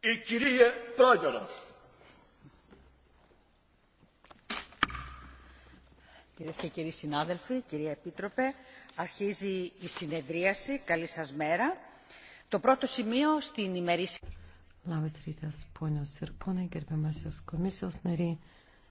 η κυρία Πρόεδρος. Κυρίε και κύριοι συνάδελφοι, κυρία Επίτροπε, αρχίζει η συνεδρίαση. Καλή σας μέρα. Το πρώτο σημείο στην ημερήσια. Labas rytas, ponios ir ponai, gerbiamasis komisijos nariai.